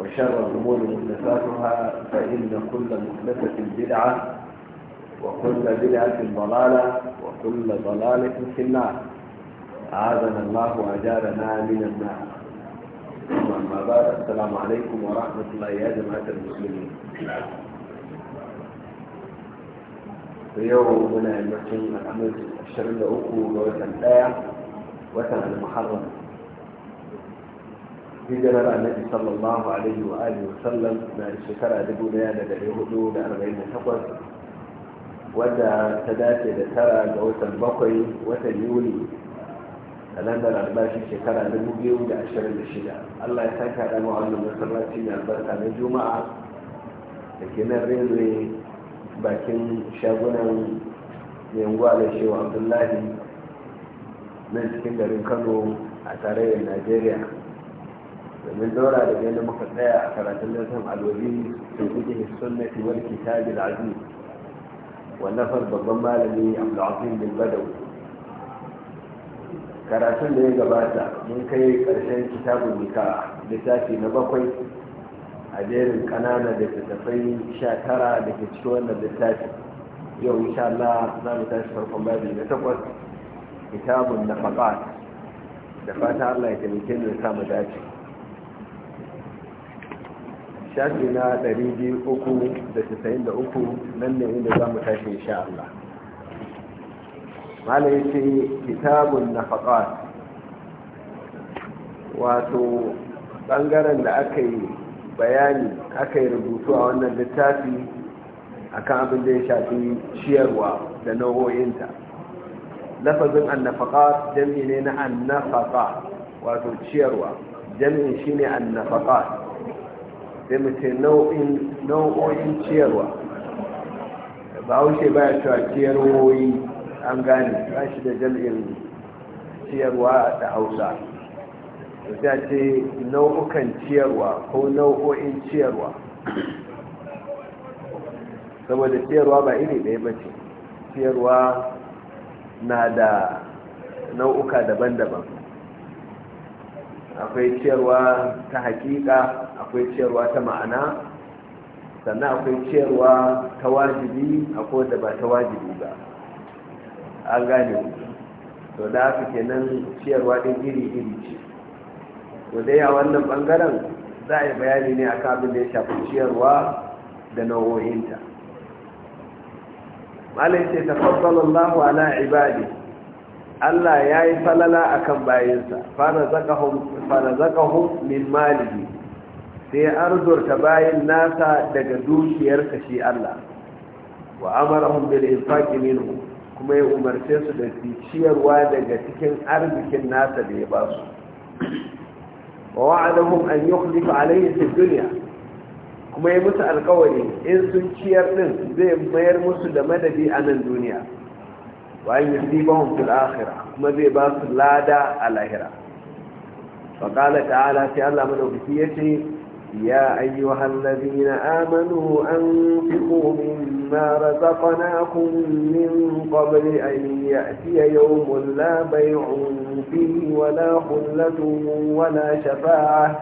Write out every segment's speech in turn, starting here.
وشر الأمور محدثاتها فإن كل محدثة بدعة وكل بدعة ضلالة وكل ضلالة في النار أعاذنا الله وأجارنا من النار أما بعد السلام عليكم ورحمة الله يا جماعة المسلمين اليوم من المسلمين الحمد الشر الأخو الآية وتنع المحرم hijirar annabi sallallahu alaihi wa alihi wa sallam na shekara 1448 wadda ta dace da tara ga watan bakwai watan yuli kalandar albashi shekara 2026 allah ya sake haɗa ma wannan masallaci na albarka na juma'a da ke nan rere bakin shagunan yanguwa da shewa abdullahi na cikin garin kano a tarayyar najeriya da gani muka ومن دورة لدينا مقطع كرات لهم على الولي في وجه السنة والكتاب العزيز والنفر بالضمة لدي malami العظيم بن بدوي karatun da ya gabata mun kai karshen kitabun nika littafi na bakwai a jerin kanana da tattafai sha tara da ke cikin wannan littafi yau insha Allah za mu tashi farkon babi na takwas kitabun na faɓa da fata Allah ya taimake mu ya samu dace shafi na 293 nan ne inda za mu tashi insha Allah mala ya ce kitabun nafaqat wato ɓangaren da aka yi bayani aka yi rubutu a wannan littafi akan abin da ya shafi ciyarwa da nau'o'inta lafazin annafaqat jami ne na annafaka wato ciyarwa jami'in shi shine annafaqat sai mu nau'o'in ciyarwa bahaushe baya cewa ciyarwoyi an gane ba shi da jam'in ciyarwa da hausa ta ce nau'ukan ciyarwa ko nau'o'in ciyarwa saboda ciyarwa ba iri ɗaya ba ce ciyarwa na da nau'uka daban-daban akwai ciyarwa ta hakika akwai ciyarwa ta ma'ana sannan akwai ciyarwa ta wajibi akwai da ba ta wajibi ba an gane to da ke kenan ciyarwa ɗin iri-iri ce to dai a wannan ɓangaren? za a yi bayani ne a abin da ya shafi ciyarwa da nau'o'inta Malam ce tafaddalallahu ala ibadi Allah ya yi falala a kan bayansa fara hun min malihi sai arzurta bayan nasa daga dukiyarsa shi Allah wa amarahun bil min minhu kuma ya umarce su da ciyarwa daga cikin arzikin nasa da ya ba su wa wa'adahum an yukhlifa alayhi fi dunya kuma ya musu alƙawari in sun ciyar din zai mayar musu da madadi a nan duniya وأن يصيبهم في الآخرة كما ذي باس على الآخرة فقال تعالى في الله من أبكيته يا أيها الذين آمنوا أنفقوا مما رزقناكم من قبل أن يأتي يوم لا بيع فيه ولا خلة ولا شفاعة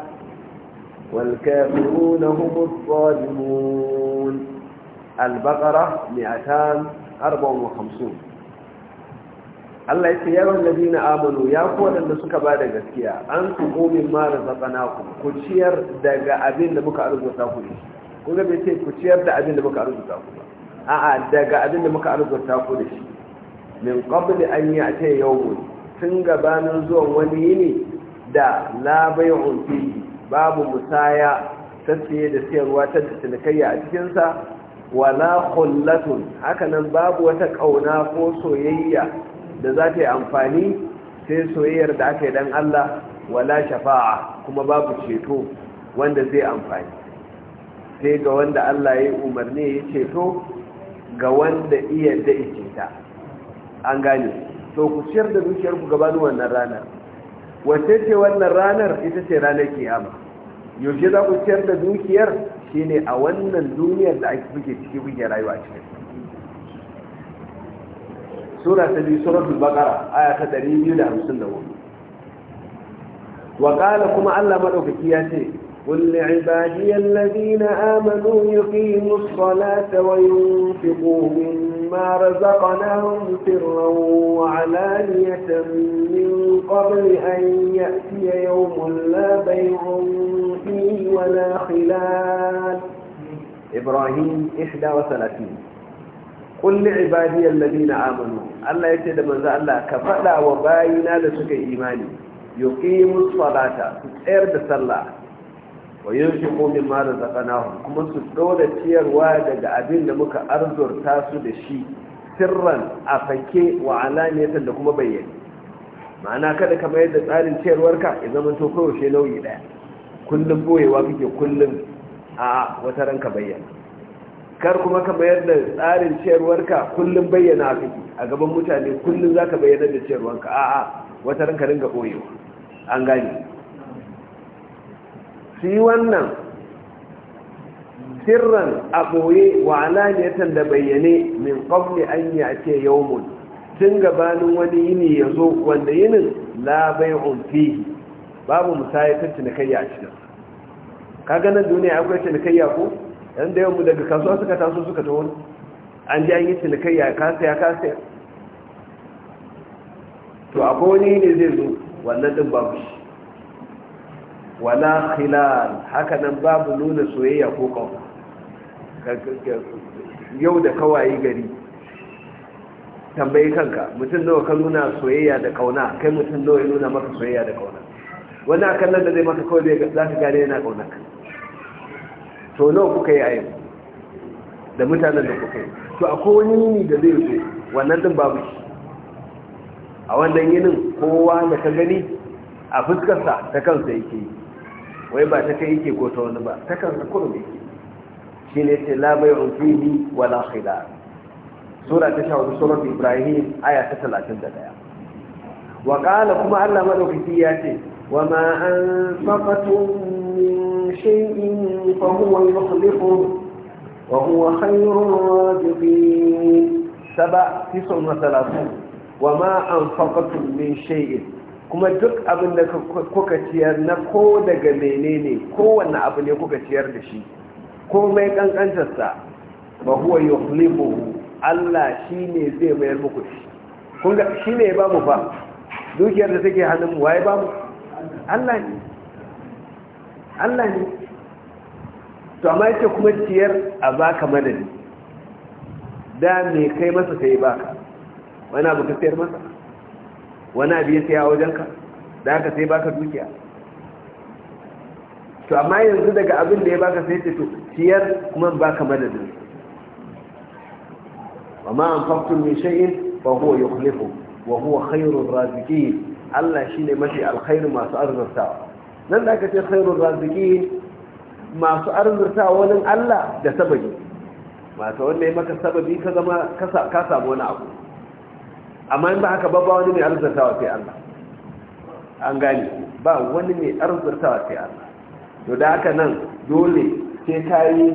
والكافرون هم الظالمون البقرة 254 Allah ya ce yawan na amanu ya ku waɗanda suka ba da gaskiya an su omin mara zaɓana ku ku ciyar daga abin da muka arzuta ku ne ku ga bai ce ku ciyar da abin da muka arzuta ku ba a'a daga abin da muka arzuta ku da shi min qabli an ya'ta yawmun tun gabanin zuwan wani ne da la bai'un fihi babu musaya ta siye da siyarwa ta cinikayya a cikin sa wala khullatun hakanan babu wata kauna ko soyayya da za ta yi amfani sai soyayyar da aka yi dan Allah wala shafa'a kuma babu ceto wanda zai amfani sai ga wanda Allah ya umarni ya ceto ga wanda iya da ta an gane to ku ciyar da dukiyarku gabanin wannan ranar wace ce wannan ranar ita ce ranar kiyama yaushe za ku ciyar da dukiyar shine a wannan duniyar da ake buke ciki buke rayuwa cikin سورة ta سورة البقرة آية تدريب يلا 254 وقال qala kuma Allah madaukaki قل لعبادي الذين آمنوا يقيموا الصلاة وينفقوا مما رزقناهم سرا وعلانية من قبل أن يأتي يوم لا بيع فيه ولا خلال إبراهيم 31 kulli ibadiyal ladina amanu Allah ya ce da manzo Allah ka faɗa wa bayina da suka imani yuqimus salata su tsayar da sallah wa yunfiqu mimma razaqnahum kuma su dole ciyarwa daga abin da muka arzurta su da shi sirran a fake wa alaniyatan da kuma bayyane ma'ana kada ka mayar da tsarin ciyarwarka ya zama to koyaushe nauyi daya kullum boyewa kake kullum a wata ranka bayyana kar kuma ka bayar da tsarin ciyarwarka kullum bayyana kake a gaban mutane kullum za ka bayyana da ciyarwarka a'a wata ranka ringa ɓoyewa an gane su wannan sirran a ɓoye wa alaniyatan da bayyane min ƙwamni an yi a yawon tun gabanin wani yini ya zo wanda yinin labai unfi babu musayar cinikayya a cikin kaganan duniya akwai cinikayya ko yan da yawanmu daga kasuwa suka taso suka ta wani an ji an yi cinikai ya kasa ya kasa to akwai wani ne zai zo wannan ɗin babu shi wala khilal haka nan babu nuna soyayya ko kawo yau da kawai gari tambayi kanka mutum nawa ka nuna soyayya da kauna kai mutum nawa ya nuna maka soyayya da kauna wani akan nan da zai maka kawai zai za ka gane yana kaunaka to nawa kuka yi ayin da mutanen da kuka yi to akwai wani yini da zai zo wannan din babu shi a wannan yinin kowa da ka gani a fuskarsa ta kansa yake yi wai ba ta kai yake ko ta wani ba ta kansa kurum yake shi ne ce labai rufihi wala khila sura ta shawarar surat ibrahim aya ta talatin da daya wa kuma allah madaukaki ya ce wa ma an fafatun شيء فهو يخلفه وهو خير الرازقين سبع تسع وثلاثون وما أنفقتم من شيء kuma duk abin kuka ciyar na ko daga menene kowanne abu ne kuka ciyar da shi komai kankantarsa ba huwa yukhlifu Allah shine zai mayar muku shi kun ga shine ya bamu dukiyar da take hannun mu waye bamu Allah Allah ne to amma yake kuma ciyar a baka madadi da me kai masa sai baka wani abu ka sayar masa wani abu ya saya a wajenka da haka sai baka dukiya to amma yanzu daga abin da ya baka sai ce to ciyar kuma baka madadin wa ma faktun min shay'in fa huwa yukhlifu wa huwa khayrur raziqin Allah shine mafi alkhairu masu arzurtawa nan da aka ce khairun raziki masu arzurta wani Allah da sababi Masu wanda ya maka sababi ka zama ka samu wani abu amma in ba haka babba wani mai wa sai Allah an gani ba wani mai wa sai Allah to da haka nan dole sai ka yi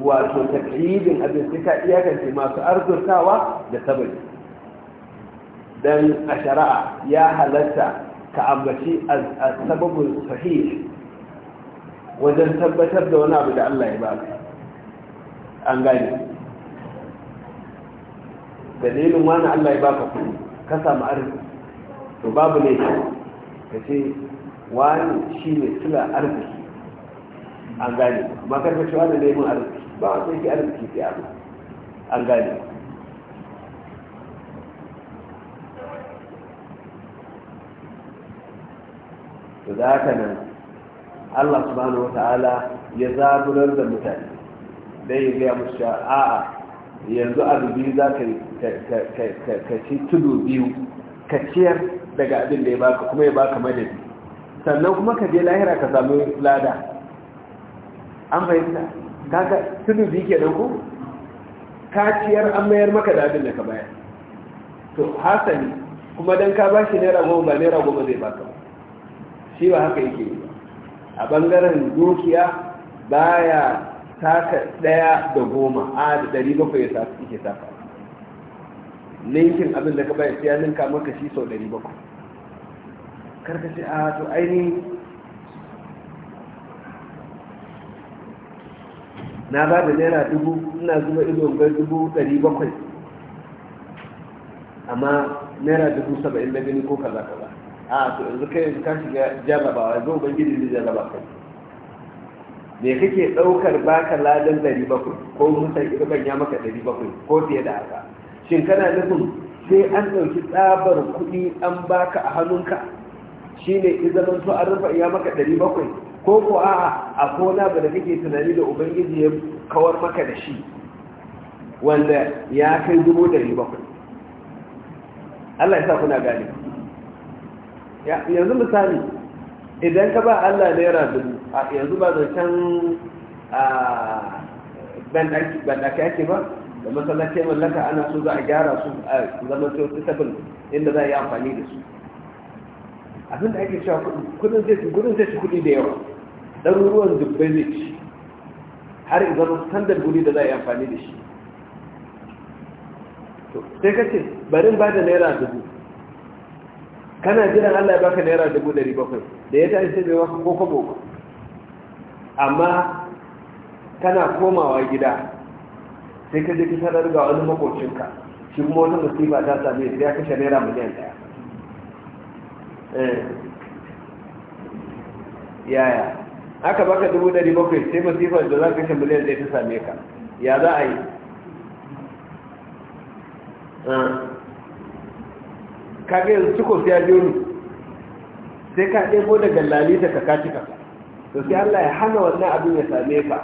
wato taklidin abin sai ka iyakance masu arzurtawa da sababi dan a shari'a ya halatta ka ambaci sababin sahih wajen tabbatar da wani abu da Allah ya baka an gane dalilin wani Allah ya baka kuɗi ka samu arziki to babu ne ka ce wani shi ne sila arziki an gane amma wani neman arziki ba wanda ke arziki sai an gane to da haka nan Allah subhanahu ta'ala ya zaburar da mutane dan ya gaya musu cewa a'a yanzu abu biyu za ka ci tudu biyu ka ciyar daga abin da ya baka kuma ya baka madadi sannan kuma ka je lahira ka samu lada an fahimta kaga tudu biyu ke ko ka ciyar an mayar maka da abin da ka bayar to hasali kuma dan ka bashi naira goma ba naira goma zai baka ba shi ba haka yake yi a bangaren dukiya baya taka daya da goma a da dari bakwai ya yake taka ninkin abin da ka bayar siya ya ninka maka shi sau dari bakwai karka shi a to aini na ba da naira dubu ina zuba ido ga dubu dari bakwai amma naira dubu saba'in da gani ko kaza kaza a to yanzu kai ka shiga jarrabawa yanzu ubangiji zai jarraba kai me kake ɗaukar baka ladan ɗari bakwai ko musan irban ya maka ɗari bakwai ko fiye da haka shin kana nufin sai an ɗauki tsabar kuɗi an baka a hannunka shine izaman to an rufa ya maka ɗari bakwai ko ko a'a a kona ba da kake tunani da ubangiji ya kawar maka da shi wanda ya kai dubu ɗari bakwai Allah ya sa kuna gane yanzu misali idan ka ba Allah naira dubu yanzu ba zancen bandaki ake ba da masallaci mallaka ana so za a gyara su a zaman sabin inda za a yi amfani da su abin da ake cewa kudin zai ci kudin zai ci kudi da yawa ɗaruruwan dubbai zai ci har idan standard guri da za a yi amfani da shi sai ka ce barin ba da naira dubu kana jiran Allah ya baka naira dubu ɗari bakwai da ya tashi sai bai baka ko kwabo ba amma kana komawa gida sai ka je ka sanar ga wani makocinka shi kuma wata musiba ta same shi ya kashe naira miliyan ɗaya eh. yaya aka baka dubu ɗari bakwai sai masifar da za ka kashe miliyan ɗaya ta same ka ya za a yi ah. kaga yanzu cikos ya biyo ni sai ka ɗebo daga lalita daga kaci to sai Allah ya hana wannan abin ya same ka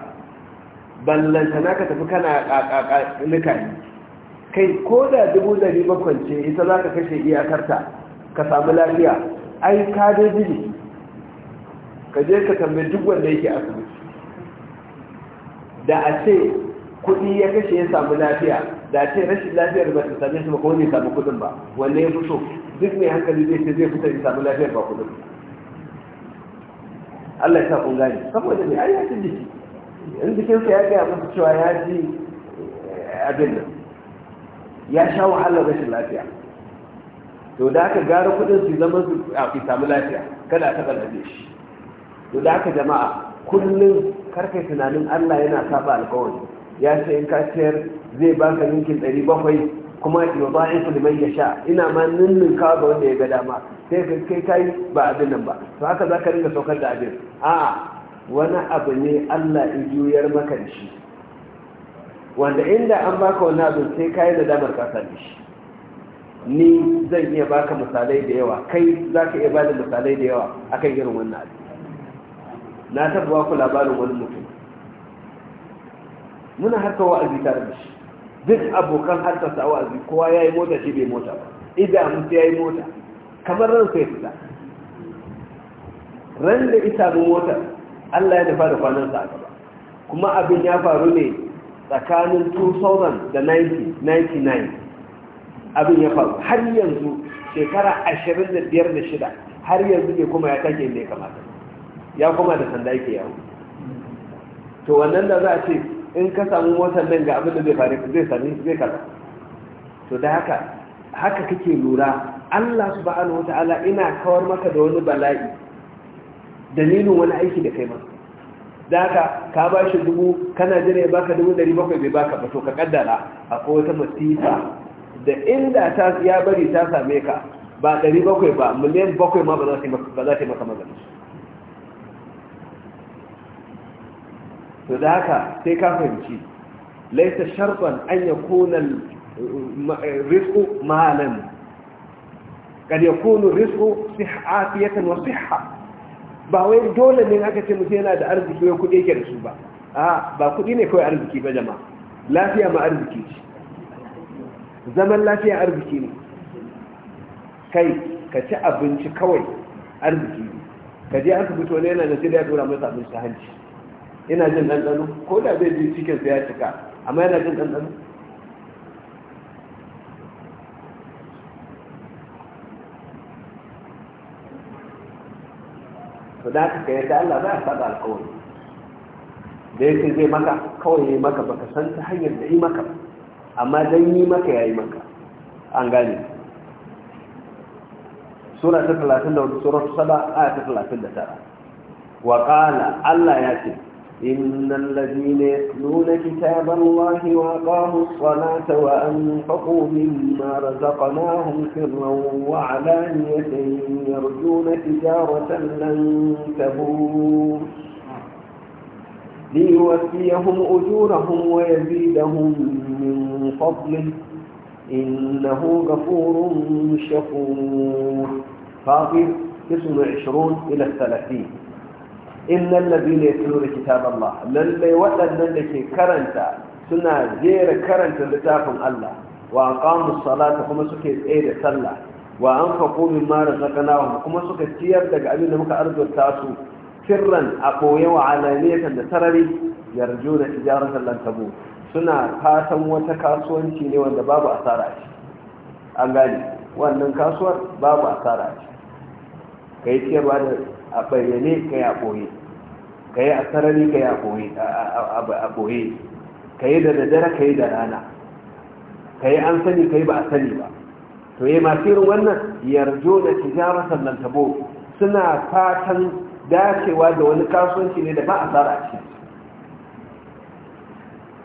ballantana ka tafi kana ƙaƙaƙa kai ko da dubu dari bakon ce ita za ka kashe iyakarta ka samu lafiya ai ka dai jini ka je ka tambayi duk wanda yake asibiti da a ce kuɗi ya kashe ya samu lafiya da ce rashin lafiyar ba ta same su ba kuma ne samu kudin ba wanne ya fi so duk mai hankali zai ce zai fita ya samu lafiyar ba kudin Allah ya sa kun gane saboda ya ayyukan jiki in sa ya gaya masa cewa ya ji eh, abin nan ya sha wahalar rashin lafiya to da aka gara kudin su zama su a samu lafiya kada a taɓa lafiya shi to da aka jama'a kullum karkai tunanin Allah yana saba alkawari ya ce in ka sayar zai baka yankin ɗari bakwai kuma ya ba su liman ya sha ina ma nunnun kawo ga wanda ya ga dama sai ka kai kai ba abin nan ba to haka za ka ringa saukar da abin a wani abu ne allah in juyar maka da shi wanda inda an baka wani abin sai ka yi damar ka sami shi ni zan iya baka misalai da yawa kai za ka iya ba da misalai da yawa akan irin wannan abin na tabbawa ku labarin wani mutum muna harka wa'azi tare da shi duk abokan harkarsa wa'azi kowa ya yi mota shi bai mota ba mutu ya yi mota kamar ran sai fita ran da ita bin mota, allah ya dafa da kwanansa a gaba kuma abin ya faru ne tsakanin 2000 da 1999 abin ya faru har yanzu shekara 25 da shida har yanzu ne kuma ya take ne ya kamata ya kuma da sanda yake yawo to wannan da za a ce in ka samu motar nan ga abin da zai faru zai sami zai kaza to da haka haka kake lura Allah subhanahu wata'ala ina kawar maka da wani bala'i dalilin wani aiki da kai ma da haka ka ba shi dubu kana jira ya baka dubu dari bakwai bai baka ba to ka kaddara akwai wata masifa da inda ta ya bari ta same ka ba dari bakwai ba miliyan bakwai ma ba za ta yi maka magana to da haka sai ka fahimci laisa sharban an ya kuna rizku malan kad ya kuna rizku afiyatan wa siha ba wai dole ne aka ce mutum yana da arziki wai kudi yake da su ba a ba kuɗi ne kawai arziki ba jama'a lafiya ma arziki ce zaman lafiya arziki ne kai ka ci abinci kawai arziki ne ka je asibiti wani yana da sai da ya dora masa abinci ta hanci yana jin ɗanɗano ko da zai ji cikin ya cika amma yana jin ɗanɗano Su da aka yadda Allah ba a faɗa alkawari da yake zai maka kawai ya yi maka baka san ta hanyar da yi maka amma don yi maka ya yi maka an gane sura ta 34 sura ta 7 aya ta 39 wa qala Allah ya ce إن الذين يتلون كتاب الله وأقاموا الصلاة وأنفقوا مما رزقناهم سرا وعلانية يرجون تجارة لن تبور ليوفيهم أجورهم ويزيدهم من فضله إنه غفور شكور فاطر 29 إلى 30 innal ladina yatluna kitaballah Lallai waɗannan da ke karanta suna jera karanta littafin Allah wa aqamu salata kuma suke tsaye da sallah wa anfaqu mara razaqnahum kuma suka ciyar daga abin da muka arzuta su firran a koye wa alaniyatan da sarari yarjuna tijaratan lan tabu suna fatan wata kasuwanci ne wanda babu asara a ciki an gane wannan kasuwar babu asara a ciki kai ciyarwa da a bayyane kai a ɓoye. ka yi a sarari ka yi a ɓoye ka yi da daddare ka yi da rana ka yi an sani ka yi ba a sani ba to yi eh, masu irin wannan yarjo da tijara sannan tabo suna fatan dacewa da wani kasuwanci ne da ba a tsara a ciki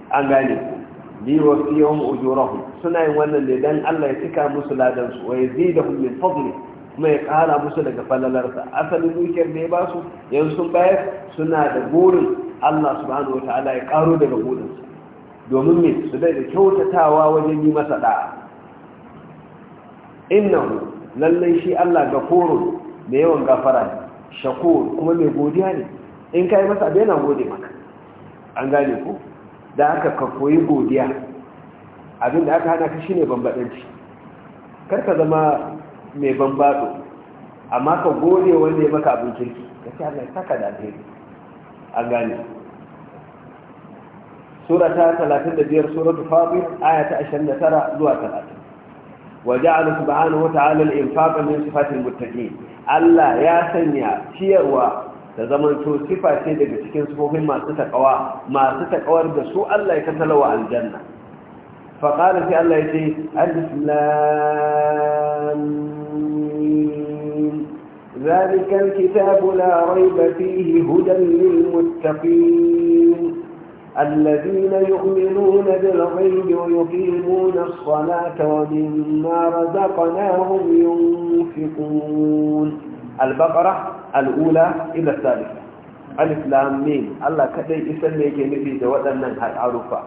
an gane wasu fiye wa ujurahu suna yin wannan ne don allah ya cika musu ladansu wa ya zai da hulmin fadli kuma ya kara musu daga falalarsa asalin dukiyar da ya ba su yanzu sun bayar suna da burin Allah subhanahu wa ta'ala ya karo daga burinsa domin me su da kyautatawa wajen yi masa da'a innahu lallai shi Allah ga koro da yawan gafara ne shakur kuma mai godiya ne in ka masa abin yana gode maka an gane ko da aka ka koyi godiya abin da aka hana ka shine bambadanci kar ka zama mai bambado amma ka gode wanda ya maka abin kirki ka ce Allah saka da alheri a gane sura ta 35 suratu fatir aya ta 29 zuwa 30 وجعل سبحانه وتعالى الإنفاق من صفات muttaqin Allah ya sanya ciyarwa da zamanto sifa ce daga cikin sifofin masu takawa masu takawar da su Allah ya katalawa aljanna فقال في الله يجي ألف ذلك الكتاب لا ريب فيه هدى للمتقين الذين يؤمنون بالغيب ويقيمون الصلاة ومما رزقناهم ينفقون البقرة الأولى إلى الثالثة ألف لام ميم الله كذلك يسميك نبي جوادا من هالعرفة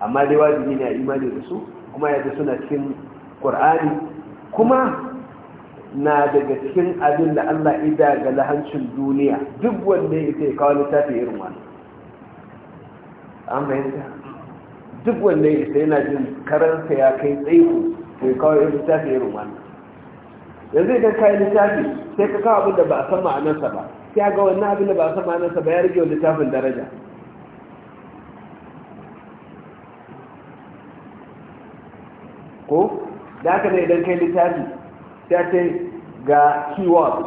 amma dai wajibi ne a imani da su kuma yadda suna cikin ƙur'ani kuma na daga cikin abin da Allah ida ga lahancin duniya duk wanda ya kai kawo littafi irin wani an fahimta duk wanda sai yana jin karanta ya kai tsaiko ya kawo irin littafi irin wani yanzu idan kayi littafi sai ka kawo abin da ba a san ma'anarsa ba sai ga wannan abin da ba a san ma'anarsa ba ya rage wa littafin daraja ko da haka ne idan kai littafi ta ce ga keyword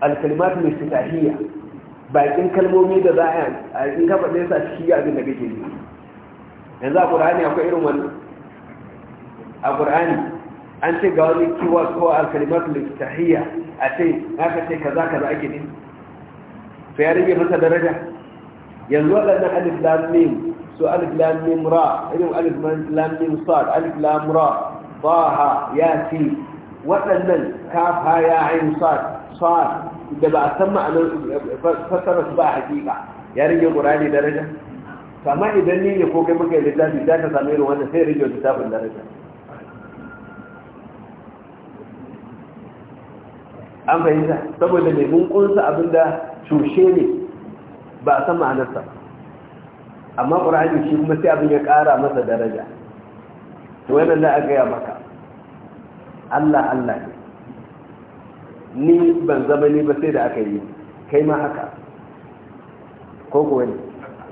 alkalimatu mai fitahiyya bakin kalmomi da za a yi in kafa ɗaya shi ga abin da kake yi yanzu a ƙur'ani akwai irin wani. a ƙur'ani an ce ga wani keyword ko alkalimatu mai fitahiyya a ce ka ce kaza kaza ake ne to ya rage masa daraja yanzu waɗannan alif lam mim su alif lam mim ra irin alif lam mim alif lam ra taha yasi waɗannan kafa ya ayin da ba a san ma'anar fassara su ba a hakika ya rage qur'ani daraja amma idan ni ne ko kai muka yi littafi za ka samu irin wanda sai rage littafin daraja an saboda mai cushe ne ba san ma'anarsa amma ƙura'ani shi kuma sai abin ya ƙara masa daraja to wannan a gaya maka Allah Allah ne ni ban zama ni ba sai da aka yi kai ma haka ko kuwa ne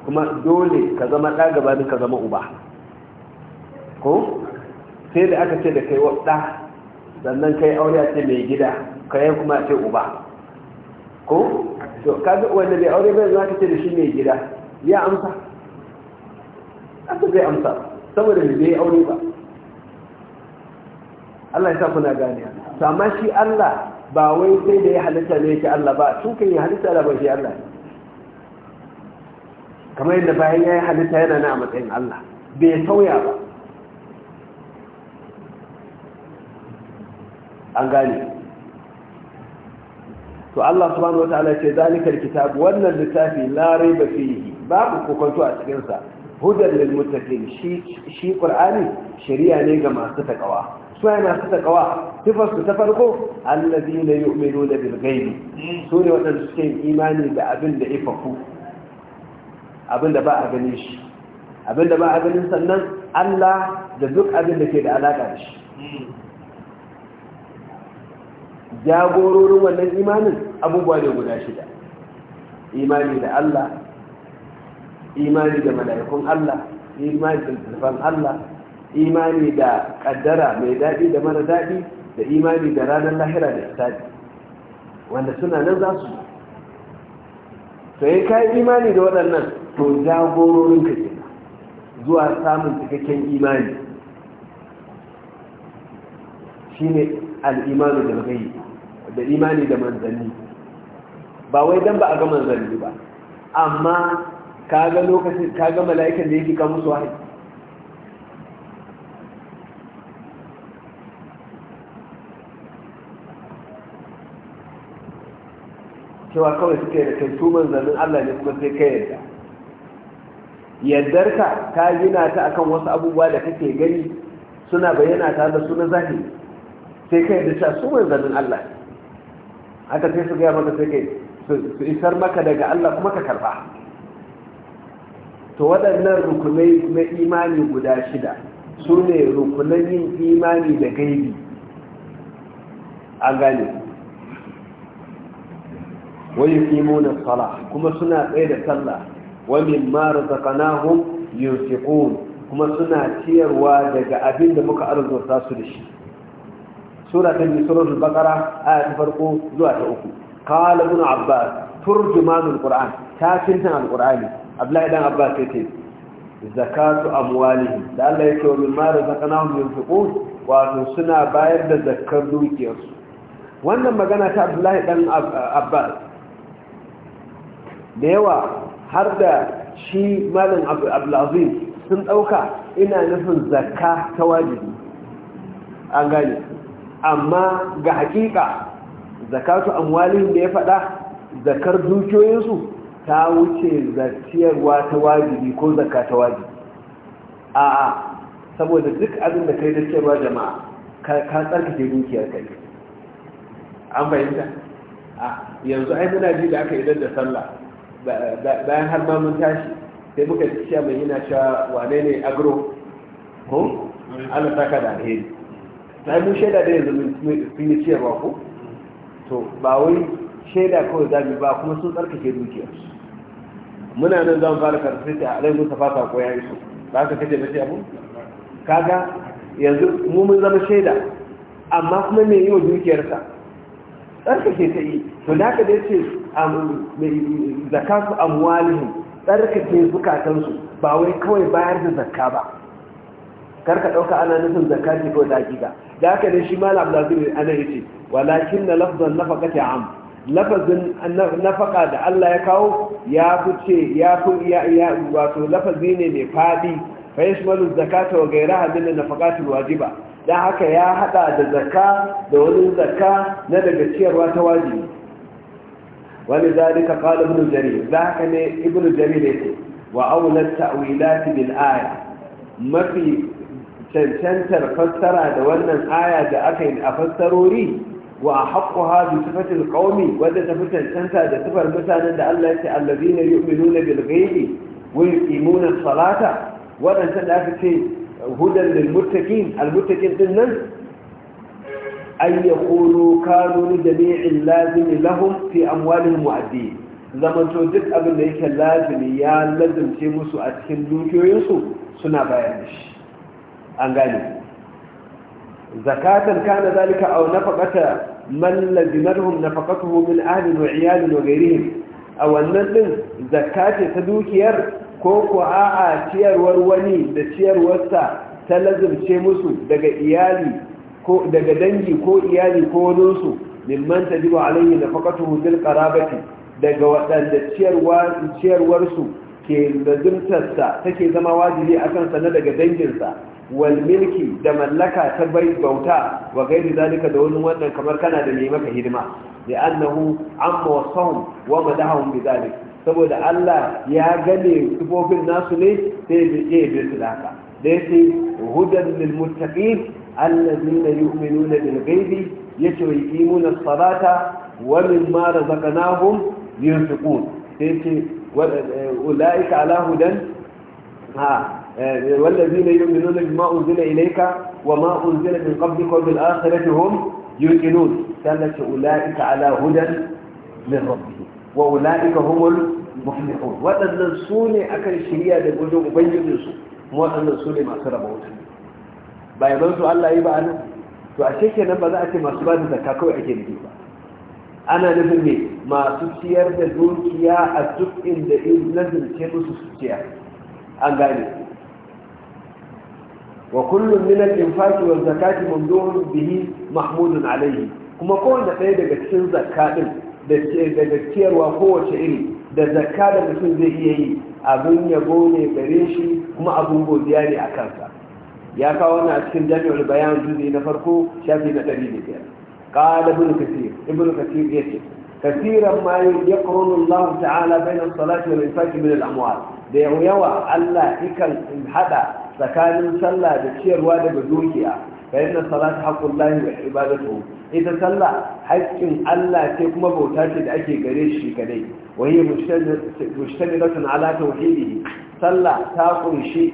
kuma dole ka zama ɗa gabanin ka zama uba ko sai da aka ce da kai waɗa sannan kai aure a ce mai gida kayan kuma a ce uba ko to kaga wanda bai aure bai zama ka ce da shi mai gida ya amsa aka zai amsa saboda da zai aure ba Allah ya sa kuna gani to amma shi Allah ba wai sai da ya halitta ne yake Allah ba tun kan yi halitta da ba shi Allah kamar yadda bayan ya yi halitta yana na a matsayin Allah bai sauya ba an gane to Allah subhanahu wataala ce zalikar kitab wannan littafi la raiba fihi babu kokonto a cikin sa hudan lil muttaqin shi shi qur'ani shari'a ne ga masu takawa su ai masu takawa sifar ta farko alladhina yu'minuna bil ghaibi su ne wadanda suke imani da abin da ifafu abin da ba a ganin shi abin da ba a ganin sannan Allah da duk abin da ke da alaka da shi jagororin wannan imanin abubuwa ne guda shida imani da Allah imani da mala'ikun Allah imani da Allah imani da kaddara mai daɗi da mara daɗi da imani da ranar lahira da istadi wanda suna nan za su to yi kayan imani da waɗannan to jagororin ka zuwa samun cikakken imani shine al'imanu da gai da imani da manzanni ba wai dan ba a ga manzanni ba amma kaga lokacin kaga mala'ikan da yake kan musu wahayi cewa kawai suke da kai tuman zanin Allah ne kuma sai kai yadda yaddarka ta gina ta akan wasu abubuwa da kake gani suna bayyana ta da suna zahi sai kai da cewa su zanin Allah haka sai su gaya maka sai kai su isar maka daga Allah kuma ka karba to waɗannan rukunai na imani guda shida su ne rukunan yin imani da gaibi a gane wani imo na tsala kuma suna tsaye da sallah wani mara hun yunfiqun kuma suna ciyarwa daga abin da muka arzuta su da shi sura ta biyu suratul baqara aya ta farko zuwa ta uku qala ibn abbas turjumanul qur'an tafsirin alqur'ani abdullahi dan abbas ce zakatu amwalihi da Allah yake wa mimma razaqnahum yunfiqun wato suna bayar da zakkar dukiyarsu wannan magana ta abdullahi dan abbas da yawa har da shi malam abdulazim sun ɗauka ina nufin zakka ta wajibi an gane amma ga hakika zakatu amwalin da ya faɗa zakar dukiyoyinsu ta wuce zaciyarwa ta wajibi ko zakka ta wajibi a'a saboda duk abin da kai da jama'a ka tsarkake dukiyar kai an bayyanta a yanzu ai muna ji da aka idan da sallah bayan har ma mun tashi sai muka ji cewa mai yana cewa wane ne agro ko Allah saka da alheri sai mun shaida da yanzu mun yi cewa ko to ba wai shaida kawai zabi ba kuma sun tsarkake dukiya muna nan zan fara karfe ta alai musa fata ko ya su ba ka kace mace abu kaga yanzu mu mun zama shaida amma kuma me yi wa dukiyarsa tsarkake ta yi to da dace da yace zakatu amwalihim tsarkake su ba wai kawai bayar da zakka ba karka ɗauka ana nufin zakati ko kawai da haka ne shi malam abdulaziz ana yace walakin na lafzan nafaqati am lafazin nafaka da Allah ya kawo ya fice ya fi ya wato lafazi ne mai fadi fa yashmalu zakata wa ghayraha min an-nafaqatil wajiba dan haka ya hada da zakka da wani zakka na daga ciyarwa ta wajibi wani zalika qala ibn jarir dan haka ne ibn jarir yake wa awla at-ta'wilat bil aya mafi cancantar fassara da wannan aya da aka yi a fassarori wa haqqaha bi sifati alqawmi wadda ta fitanta da sifar mutanen da Allah ya ce allazina yu'minuna bil ghaibi wa yuqimuna as-salata wadanda da aka ce hudan lil muttaqin al muttaqin din nan an yakunu kanu li jami'in lazim lahum fi amwalihim mu'addi addihim zamanto duk abin da yake lazimi ya lazimce musu a cikin dukiyoyinsu suna bayar da shi an gane zakatan kana zalika aw nafaqata man lazimatuhum nafaqatuhu min ahli wa iyali wa ghayrihim a wannan din zakati ta dukiyar ko ko a'a ciyarwar wani da ciyarwarsa ta lazimce musu daga iyali ko daga dangi ko iyali ko wadansu mimman tajibu alayhi nafaqatuhu bil qarabati daga waɗanda ciyarwarsu ke lazimtarsa take zama wajibi akan sa na daga danginsa wal da mallaka ta bai bauta wa gairi zalika da wani wannan kamar kana da ne maka hidima da annahu amma wasahum wa madahum bi zalik saboda Allah ya gane sifofin nasu ne sai ya bi da haka da yace hudan lil muttaqin allazina yu'minuna bil ghaibi yaqimuna as-salata wa mimma razaqnahum yunfiqun sai yace eh, ulaika ala hudan ha والذين يؤمنون بما أنزل إليك وما أنزل من قبلك وبالآخرة هم يوقنون ثالث أولئك على هدى من ربهم وأولئك هم المفلحون وأن سوني أكل شريعة لبجوء بين يسوع وأن سوني ما سرى موتا bayanan su Allah yi ba a nan to a shekke nan ba za a ce masu ba da zakka kawai ake nufi ba ana nufin ne masu ciyar da dukiya a duk inda in nazarce musu su ciyar an gane وكل من الإنفاق zakaki ممدوح به محمود عليه kuma kowanne ɗaya daga cikin zakka ɗin da ciyarwa kowace iri da zakka da mutum zai iya yi abin yabo ne gare shi kuma abin godiya ne a kansa ya kawo wani a cikin jami'ar bayan juzi na farko shafi na ɗari da biyar ƙala ibn kasir ibn kasir ya ce kasiran ma ya ƙoronu Allah ta'ala bainar salati wal infaki min al-amwal da yawa Allah ikan hada tsakanin sallah da ciyarwa daga dukiya fa inna salata haqqullahi wa ibadatu. ita sallah haƙƙin Allah ce kuma bauta ce da ake gare shi kadai wa hiya mushtamilatun ala tauhidihi sallah ta kunshi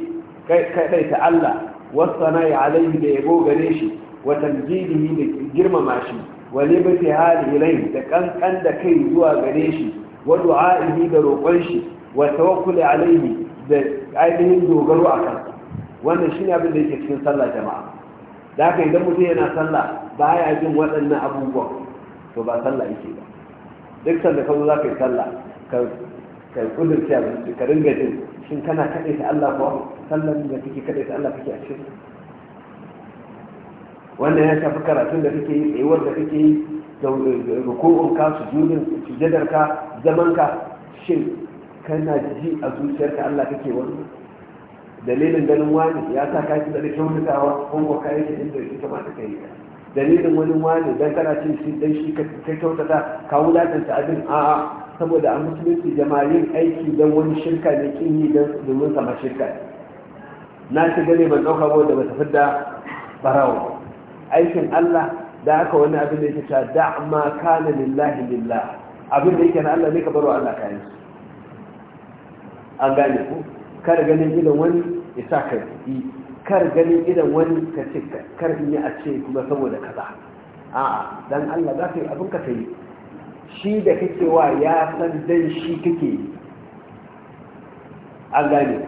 kai ta Allah wasana ya alaihi da yabo gare shi wa tamjidihi da girmama shi wa libati hali ilai da kankan da kai zuwa gare shi wa du'a'ihi da roƙon shi wa tawakkuli alaihi da ainihin dogaro a kansa wannan shine abin da yake cikin sallah jama'a da haka idan mutum yana sallah ba ya jin waɗannan abubuwa to ba sallah yake ba duk sanda ka zo za ka yi sallah ka ka kudurci a zuci ka ringa jin shin kana kaɗai ta Allah kuwa sallan da kake kaɗai ta Allah kake a cikin wannan ya shafi karatun da kake yi tsayuwar da kake yi rukun ka sujudin sujadar ka zaman ka shin kana ji a zuciyarka Allah kake wannan dalilin ganin wani ya sa ka ci da kyautatawa kun ko kai shi inda shi kamata kai ka dalilin wani wani dan kana cin shi dan shi ka kyautata ka wulatanta abin a'a saboda a musulunci jama'in aiki dan wani shirka ne kin yi dan domin sama shirka na ci gane ban dauka ba da tafi da barawo aikin Allah da aka wani abin da yake cewa da ma kana lillahi lillah abin da yake na Allah ne ka baro Allah kayan an gane ku kada ganin gidan wani isa ka yi kar ganin idan wani ka ce kar in yi a ce kuma saboda kaza a'a dan Allah za ka yi abin ka yi shi da kake wa ya san dan shi kake yi gane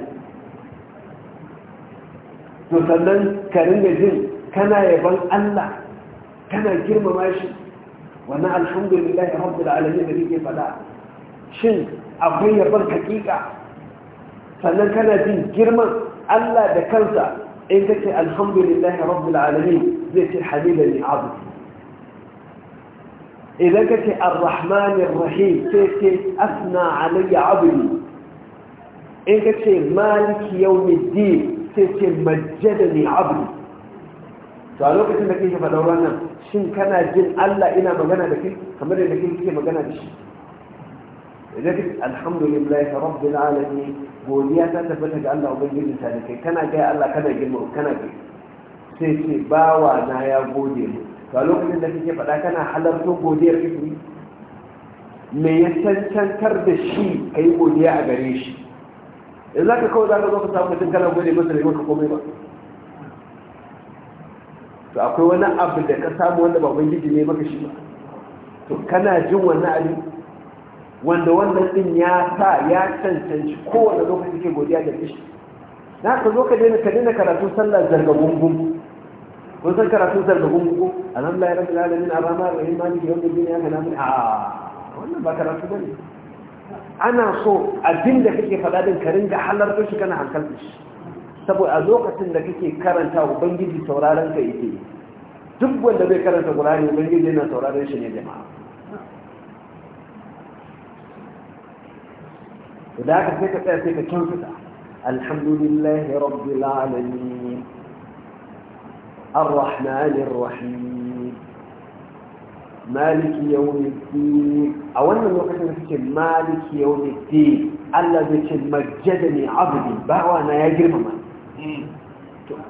to sannan ka ringa jin kana yaban Allah kana girmama shi wannan alhamdulillah rabbul alamin da kake fada shin akwai yaban hakika sannan kana jin girman Allah da kansa in ka ce alhamdulillahi rabbil alamin zai ce ni abu idan ka ce arrahmanir rahim sai ce asna alayya abdi in ka ce maliki yawmiddin sai ce majjadani abdi to a lokacin da kake faɗa nan, shin kana jin Allah ina magana da kai kamar da kake magana da shi لذلك الحمد لله رب godiya ta tabbata ga Allah ubangiji ta da kai kana kai Allah kana girma kana kai sai ce bawa na ya gode mu ga lokacin da kake faɗa kana halartar godiyar kake me ya cancantar da shi kai godiya a gare shi Idan za ka kawai za ka zo ka samu mutum kana gode masa da maka komai ba to akwai wani abu da ka samu wanda ba ubangiji ne maka shi ba to kana jin wannan abin wanda wannan din ya sa ya cancanci kowane lokaci ke godiya da shi na ka zo ka daina ka daina karatu sallar zarga gungun kun san karatu zarga gungun alhamdulillah rabbil alamin arama rahim maliki yawmid din ya kana min a ah, wannan ba karatu bane ana so abinda kake faɗa din ka ringa halartar shi kana hankalta shi saboda a lokacin da kake karanta ubangiji sauraron ka yake duk wanda bai karanta qur'ani ubangiji yana sauraron shi ne jama'a الحمد لله رب العالمين الرحمن الرحيم مالك يوم الدين أولا الوقت نفسك مالك يوم الدين الذي مجدني عبدي بهو أنا يجرم من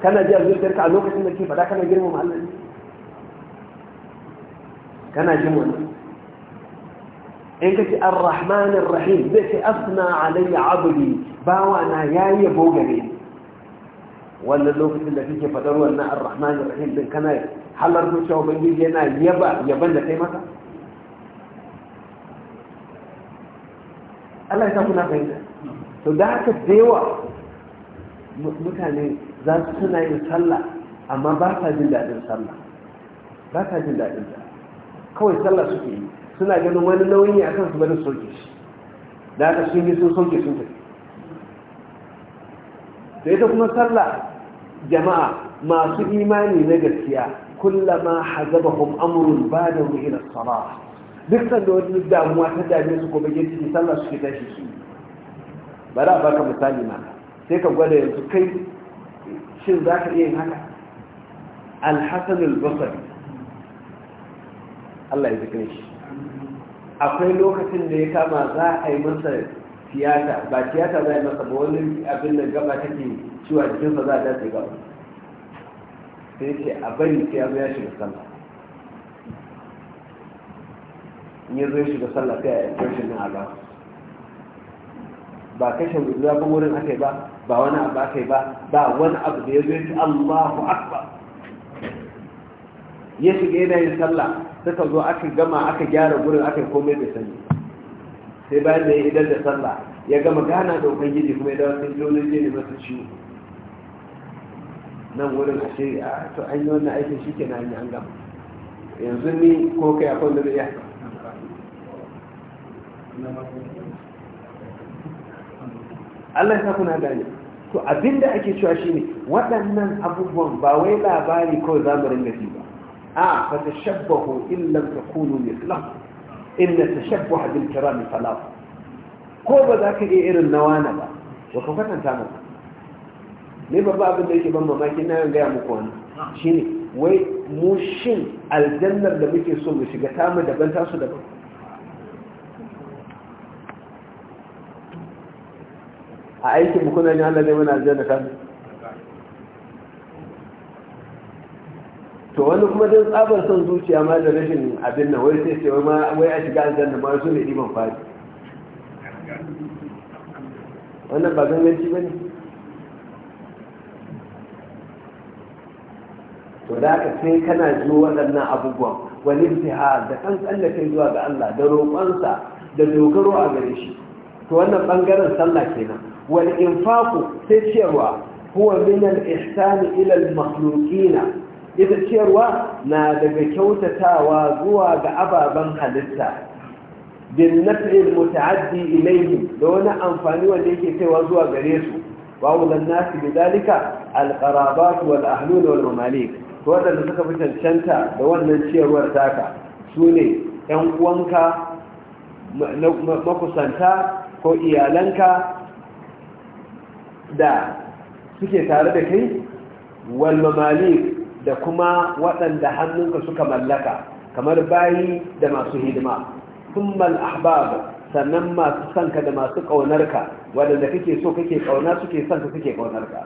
كان جاء زي ترك على الوقت إنك فلا كان يجرم من كان جمعنا in ka ce 'An rahmanin rahim zai ce asina alayya abdi bawa na yayi yabo gare wannan lokacin da kake fadar wannan an rahmanin rahim din kana halar ko wa ubangiji yana yaba yaban da kai masa Allah ya sa kuna fahimta to da haka da yawa mutane za su suna yin sallah amma ba sa jin daɗin sallah ba sa jin daɗin sallah kawai sallah suke yi suna ganin wani nauyi a kan su bari sauke shi da haka sun yi sun sauke sun tafi da ita kuma sallah jama'a masu imani na gaskiya kullama hazabahum amrun bada ila salah duk sanda wani damuwa ta dame su ko bakin ciki sallah suke tashi su bari a baka misali ma sai ka gwada yanzu kai shin za ka iya yin haka alhassan al-basri Allah ya zikre shi akwai lokacin da ya kama za a yi masa tiyata ba tiyata za a yi masa ba wani abin da gaba take ciwa jikinsa za a dace gaba sai ce a bari sai abu ya shiga sallah in ya zo shiga sallah sai a yi rashin nan a ba kashe guda ba wurin aka yi ba ba wani abu aka yi ba ba wani abu da ya zo ya ci allahu akbar ya shiga yana yin sallah suka zo aka gama aka gyara gurin aka komai da sani sai bayan da ya idan da sallah ya gama gana da ubangiji kuma ya dawo sun ji wani jini masu ciwo nan wurin a ce a ah, to an yi wannan aikin shi ke na an gama yanzu ni ko kai akwai wanda zai Allah ya kuna gane to abinda ake cewa shine waɗannan abubuwan ba wai labari ko zamarin ringa ba آه فتشبهوا إن لم تكونوا مثلهم إن تشبه بالكرام فلاط كوبا ذاك إير النوانا با وكفتا تامك ne babba abin da ban mamaki na yan gaya muku wani wai mu shin aljannar da muke so mu shiga tamu daban tasu daban a aikin mu kuna jin Allah aljanna tamu to wani kuma don tsabar son zuciya ma da rashin abin nan wai sai sai wai a shiga aljanna ma su ne iman fadi wannan ba ganganci ba ne to da aka sai kana zo waɗannan abubuwan wani intihar da kan tsallake zuwa ga Allah da roƙonsa da dogaro a gare shi to wannan ɓangaren sallah kenan wani infaku sai cewa huwa min al-ihsani ila al-makhluqina ita ciyarwa na daga kyautatawa zuwa ga ababen halitta bin naf'il muta'addi ilaihi da wani amfani wanda yake kaiwa zuwa gare su wa ulal nasi bidalika alqarabat wal ahlul wal mamalik to waɗanda suka fi cancanta da wannan ciyarwar taka sune yan uwanka makusanta ko iyalanka da suke tare da kai wal mamalik da kuma waɗanda hannunka suka mallaka kamar bayi da masu hidima summal ahbab sannan masu sanka da masu ƙaunarka waɗanda kake so kake ƙauna suke sanka suke ƙaunarka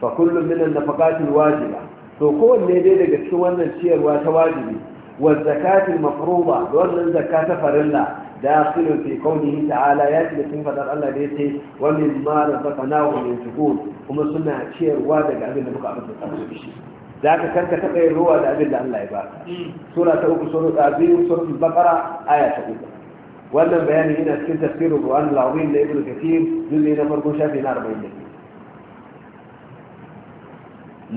fa kullum minan nafaqatil wajiba to kowanne dai daga cikin wannan ciyarwa ta wajibi wa zakatil mafruḍa da wannan zakka ta farilla داخل في قوله تعالى ياتي لكن فضل الله بيتي kuma suna ciyarwa daga abin da شير وادق da shi. za ka karka taɓa yin ruwa da abin da Allah ya ba suna ta uku suna ta biyu sura bakara aya ta uku wannan bayanin yana cikin tafsirin ruwan lawin da ibn kathir juzi na farko shafi na arba'in da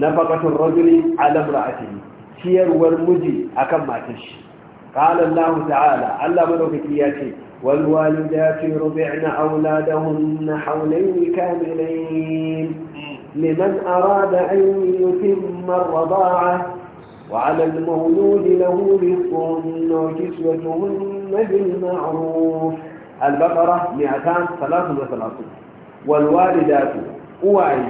nafaqatul rajuli ala imra'atihi ciyarwar miji akan matar shi qala Allah ta'ala Allah madaukaki ya ce wal walidatu rubi'na awladahunna hawlayn kamilayn لمن أراد أن يتم الرضاعة وعلى المولود له رزقهن وكسوتهن بالمعروف البقرة 233 والوالدات أوعي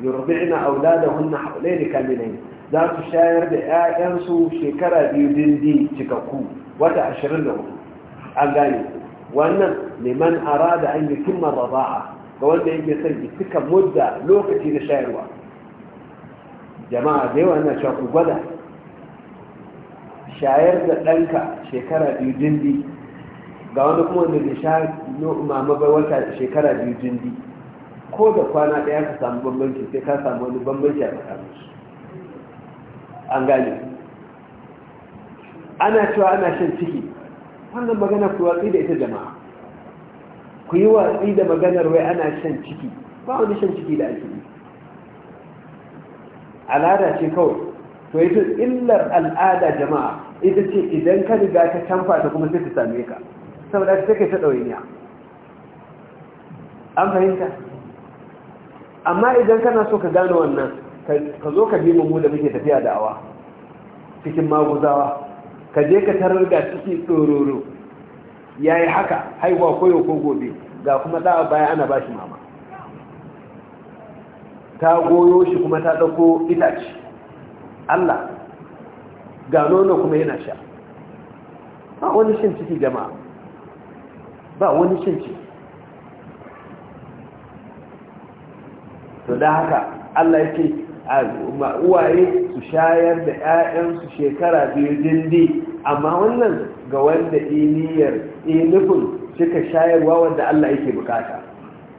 يرضعن أولادهن حولين كاملين ذات الشاعر بآيانسو شكرا بيدندي تككو وتعشرنهم أغاني وأن لمن أراد أن يتم الرضاعة ga wanda yake son ki cika mudda lokaci na shayarwa jama'a da yawa na cewa ku gwada shayar da ɗanka shekara biyu dindi ga wani kuma wanda bai sha mama bai wata shekara biyu dindi ko da kwana ɗaya ka samu bambanci sai ka samu wani bambanci a tsakanin su an gane ana cewa ana shan ciki wannan magana kuwa tsida da ita jama'a ku yi watsi da maganar wai ana shan ciki ba wani shan ciki da ake yi al'ada ce kawai to tun illar al'ada jama'a ita ce idan ka riga ka canfa ta kuma sai ta same ka saboda ta kai ta ɗawainiya an fahimta amma idan kana so ka gane wannan ka zo ka bi mu da muke tafiya da awa cikin maguzawa ka je ka tarar da ciki tsororo ya yi haka haihuwa koyo ko gobe ga kuma ɗa baya ana ba shi mama ta goyo shi kuma ta ɗauko itaci allah ga nono kuma yana sha ba wani shin ciki jama'a ba wani shin ciki to da haka allah yake uwaye su shayar da 'ya'yansu shekara biyu dindi amma wannan ga wanda iniyar yi nufin shayarwa wanda Allah yake bukata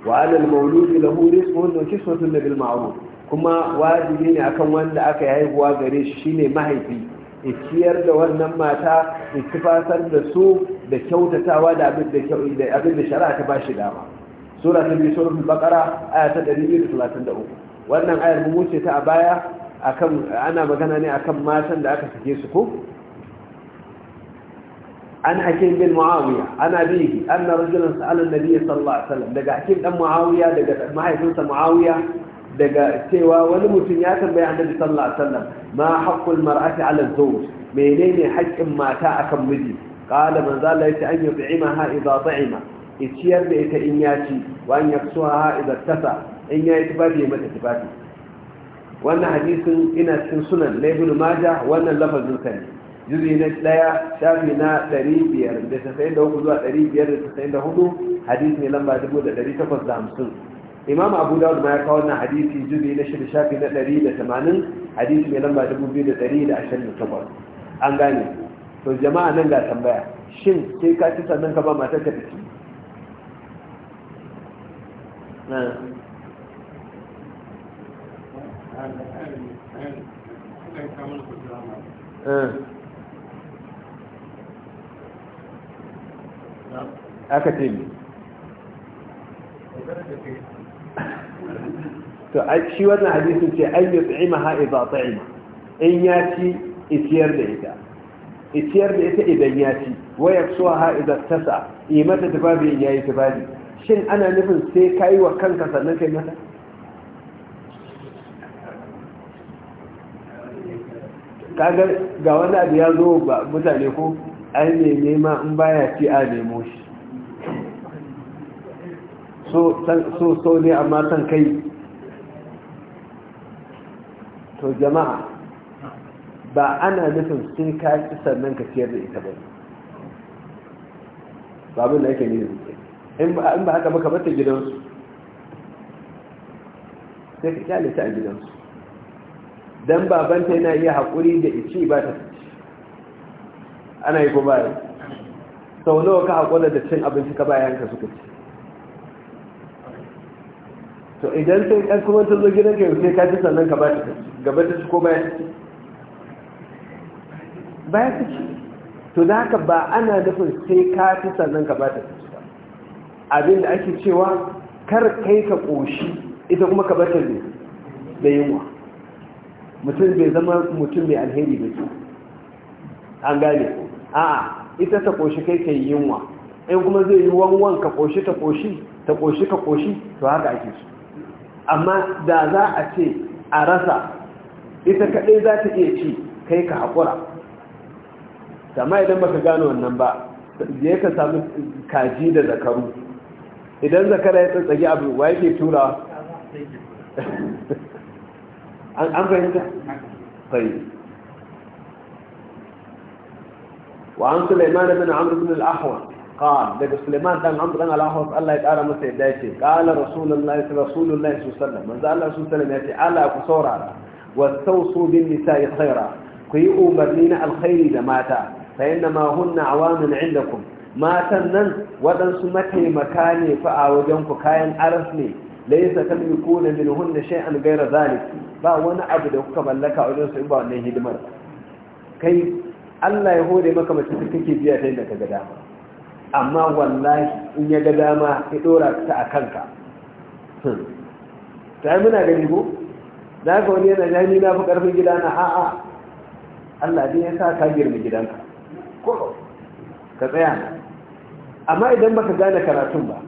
wa alal mauludi lahu rizqun wa kiswatun bil ma'ruf kuma wajibi ne akan wanda aka yi haihuwa gare shi shine mahaifi ya da wannan mata ya tufasar da su da kyautatawa da abin da abin da shari'a ta bashi dama sura ta biyu suratul baqara aya ta 233 wannan ayar mu wuce ta a baya akan ana magana ne akan matan da aka sake su ko an hakim bin muawiya an abihi anna rajulan sa'ala an-nabiy sallallahu alaihi wasallam daga hakim dan muawiya daga mahaifinsa muawiya daga cewa wani mutum ya tambaye annabi sallallahu alaihi wasallam ma haqqul mar'ati 'ala az-zawj menene haƙƙin mata akan miji qala manzo Allah yace an yut'imaha idza ta'ima iciyar da ita in ya ci wa an yaksuha idza tasa in ya yi tufafi mata tufafi wannan hadisin ina cikin sunan na ibn majah wannan lafazin sa ne juzi na ɗaya shafi na ɗari biyar da da hudu zuwa ɗari biyar da da hudu hadisi ne lamba dubu da da ɗari takwas hamsin imam abu dawud ma ya kawo wannan hadisi juzi na shida shafi na ɗari da tamanin hadisi ne lamba dubu biyu da da da ɗari ashirin takwas an gane to jama'a nan ga tambaya shin sai ka ci sannan ka ba matar ka tafi Uh. aka ce ne to shi wannan hadisin ce an yi tsima ha iza tsima in ya ci isiyar da ita isiyar da ita idan ya ci wayar suwa ha iza tasa yi mata tufafi in ya yi tufafi shin ana nufin sai ka yi wa kanka sannan kai mata kaga ga wani abu ya zo ba mutane ko ai ne nema in baya ci a nemo shi so so ne amma san kai to jama'a ba ana nufin sun ka sannan ka ciyar da ita ba babin da yake ne in ba haka ba ka bata gidansu sai ka kyale ta a gidansu don babanta yana iya haƙuri da ici ba ta ana yi kuma yi sau nawa ka haƙo da cin abinci ka bayan ka suka ci to idan sai ɗan kuma ta zo gidan ka yau sai ka ci sannan ka ba ta gaba ta ci ko bayan ci bayan ta ci to da haka ba ana nufin sai ka ci sannan ka ba ta ci ba abin da ake cewa kar kai ka ƙoshi ita kuma ka bata ne da yunwa mutum bai zama mutum mai alheri da su an gane a'a ita ta koshi kai ka yi yunwa in kuma zai yi wanwan ka koshi ta koshi ta koshi ka koshi to haka ake su amma da za a ce a rasa ita kaɗai za ta iya ci kai ka haƙura sama idan baka gano wannan ba je ka samu kaji da zakaru idan zakara ya tsantsage abu wa yake tura an fahimta وعن سليمان بن عمرو بن الأحوص قال لك سليمان بن عمرو بن الأحوص الله يتعالى ما سيداتي قال رسول الله رسول الله صلى الله عليه وسلم من ذا الله صلى الله عليه وسلم على كسورة واستوصوا بالنساء خيرا كي أمرنين الخير لماتا فإنما هن عوام عندكم matan nan waɗansu mataimaka ne fa a wajenku kayan aras ne laisa tamliku na min hunna shay'an ghayra zalik ba wani abu da kuka mallaka wajen su ba wannan hidimar kai Allah ya hore maka mace ta kake biya ta yadda ka ga dama amma wallahi in ya ga dama ya dora ta a kanka hmm. ta yi muna gani ko da ka wani yana jami na fi karfin gida na a'a Allah din ya sa ka girma gidanka ko ka tsaya amma idan baka gane karatun ba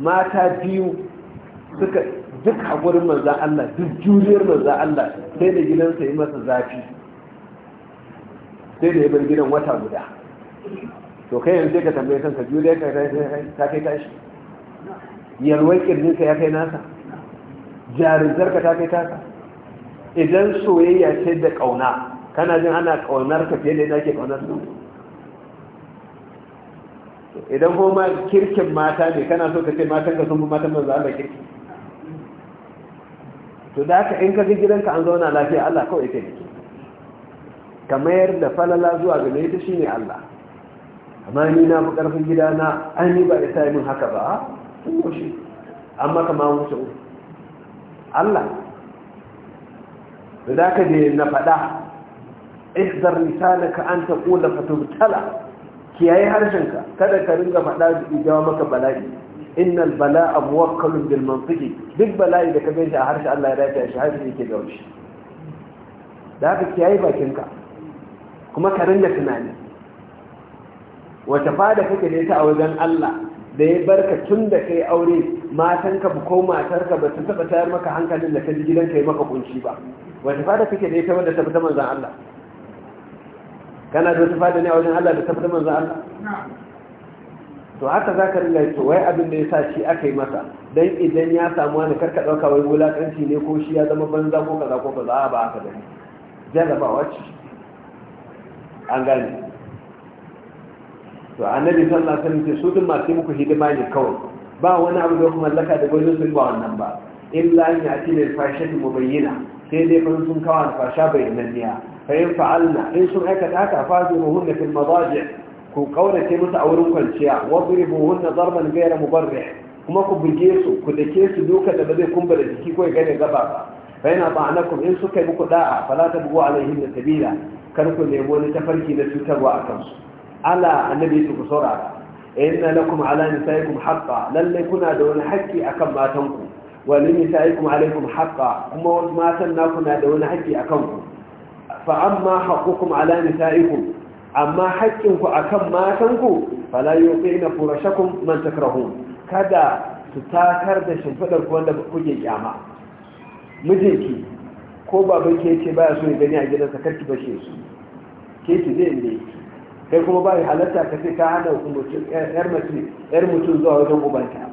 mata biyu suka duk gurin manzan Allah duk juriyar manzan Allah sai da gidansa yi masa zafi sai da ya bar gidan wata guda to kai yanzu ka tambaye kanka juriya ka ta kai tashi yalwar kirjinka ya kai nasa ka ta kai tasa idan soyayya ce da ƙauna kana jin ana ƙaunar ka fiye da yadda ake ƙaunar su idan kuma kirkin mata ne kana so ka ce matan ka sun bi matan manzo Allah kirki to da haka in ka ga gidanka an zauna lafiya Allah kawai yake da ka mayar da falala zuwa ga mai ta ne Allah amma ni na fi karfin gida na an ni ba ya sa min haka ba sun kushe amma kama wuce Allah da da ka je na faɗa ihdar lisanaka an taqula fatubtala kiyaye harshenka kada ka ringa faɗa da ijawa maka bala'i innal bala'a muwakkalun bil mantiqi duk bala'i da ka gani a harshe Allah ya dace shi harshe yake da shi da haka kiyaye bakinka kuma ka rinda tunani wata fada kake da ita a wajen Allah da ya barka tun da kai aure matanka ko matarka ba su taba tayar maka hankalin da ka ji gidanka yi maka kunci ba wata fada kake da ita wanda ta fita manzan Allah kana da wata fada ne a wajen Allah da ta fita manzan Allah to haka za ka to wai abin da ya sa shi aka yi masa don idan ya samu wani karka ɗauka wai wulaƙanci ne ko shi ya zama banza ko kaza ko kaza ba haka da jarabawa ce an gane to annabi sallallahu alaihi wasallam su duk masu muku hidima ne kawai ba wani abu da kuma mallaka da gwajin sun ba wannan ba illa an yati lil fashati mubayyina sai dai fa sun kawo alfasha bayyananniya fa in fa'alna in sun aikata haka fazuruhunna fil madaji ku kaurace musu a wurin kwanciya wadribuhunna darban ghayra mubarrih kuma ku buge su ku dake su duka da ba zai kumbura jiki ko ya gane gaba ba fa yana ba'anakum in suka yi muku da'a fala tabu alaihim sabila kar ku nemi wani tafarki na cutarwa a kansu ala annabi su ku saurara inna lakum ala nisaikum haqqa lalle kuna da wani haƙƙi akan matanku wa lin nisaikum alaikum haqqa kuma matan naku na da wani haƙƙi akan ku fa amma haqqukum ala nisaikum amma haƙƙinku akan matanku fala yuqina furashakum man takrahun kada su takar da shimfidar ku wanda kuke kyama mijinki ko baban ke ce baya so ya gani a gidansa karki bashe su ke ce zai ne kai kuma ba halatta ka sai ka hana yar mace yar mutum zuwa wajen ubanta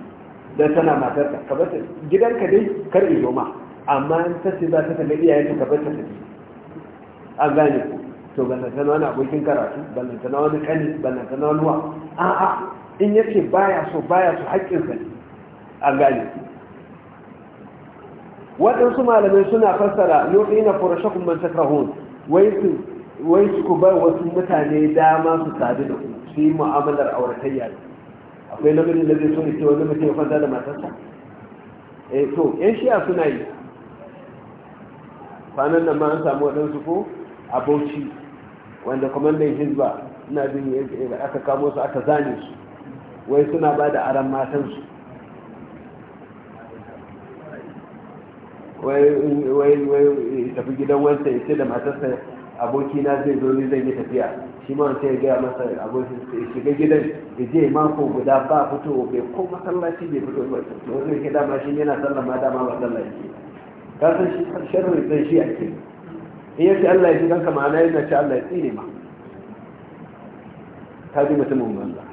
dan tana matar ka bata gidanka dai kar izo ma amma in ta ce za ta tafi iyayen ka bata ta an gane ku to ballanta na wani abokin karatu ballanta na wani kani ballanta na wani wa a'a in yace baya so baya so haƙƙinsa ne an gane ku waɗansu malamai suna fassara yuqina furashakum man takrahun wai su wai su bar wasu mutane dama su sadu da ku su yi mu'amalar auratayya akwai lamarin da zai suna cewa zama wani mutum ya da matarsa eh to yan shi'a suna yi kwanan nan ma an samu waɗansu ko a bauchi wanda kwamandan hizba bin jin aka kamo su aka zane su wai suna ba da aran matansu wai tafi gidan wansa ya ce da matarsa aboki na zai zo ni zai yi tafiya shi ma wancan ya gaya masa abokin sai shiga gidan ya je mako guda ba fito bai ko masallaci bai fito ba wani yake dama shi yana sallah ma dama ba sallah yake ka san shi sharri zai shi ake in yace Allah ya ji kanka ma'ana yana ce Allah ya tsine ma ka ji mutumin banza